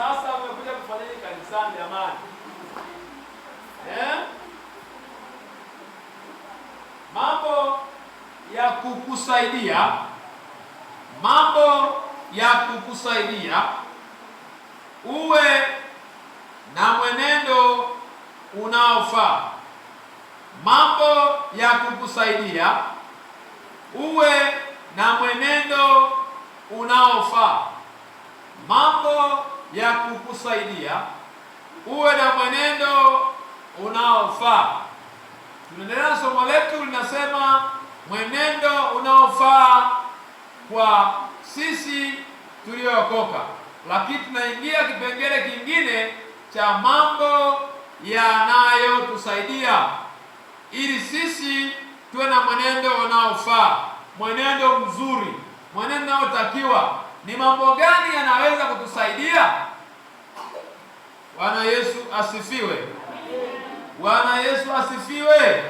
Sasa umekuja kufanya nini kanisani jamani? Eh? Mambo ya kukusaidia, mambo ya kukusaidia uwe na mwenendo unaofaa, mambo ya kukusaidia uwe na mwenendo unaofaa, mambo ya kukusaidia uwe na mwenendo unaofaa. Tunaendelea somo letu linasema mwenendo unaofaa kwa sisi tuliyookoka, lakini tunaingia kipengele kingine cha mambo yanayotusaidia ili sisi tuwe na mwenendo unaofaa, mwenendo mzuri, mwenendo unaotakiwa ni mambo gani yanaweza kutusaidia? Bwana Yesu asifiwe! Bwana Yesu asifiwe!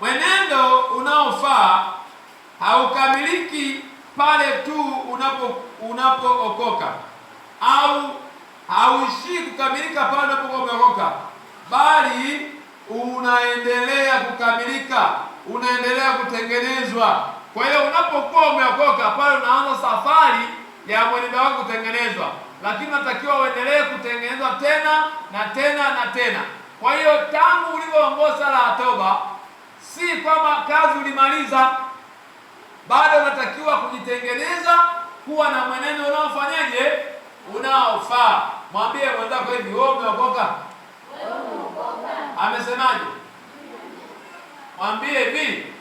Mwenendo unaofaa haukamiliki pale tu unapo unapookoka au hauishii kukamilika pale unapokuwa umeokoka, bali unaendelea kukamilika, unaendelea kutengenezwa kwa hiyo unapokuwa umeokoka pale, unaanza safari ya mwenendo wako kutengenezwa, lakini unatakiwa uendelee kutengenezwa tena na tena na tena. Kwa hiyo tangu ulivyoongoza sala ya toba, si kwamba kazi ulimaliza, bado unatakiwa kujitengeneza kuwa na mwenendo unaofanyaje, unaofaa. Mwambie mwenzako hivi, wewe umeokoka. Amesemaje? Mwambie hivi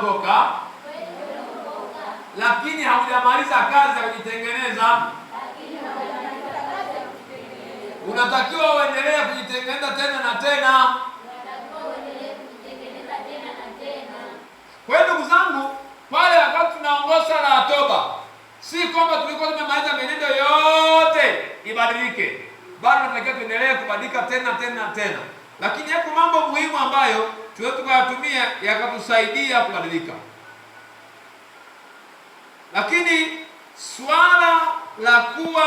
utaokoka, lakini haujamaliza kazi ya kujitengeneza. Unatakiwa uendelee kujitengeneza tena na tena. Kwa hiyo ndugu zangu, pale wakati tunaongoza la toba, si kwamba tulikuwa tumemaliza menendo yote ibadilike, bado tunatakiwa tuendelee kubadilika tena tena tena, lakini yako mambo muhimu ambayo tunaweza tukayatumia yakatusaidia kubadilika. Lakini swala la kuwa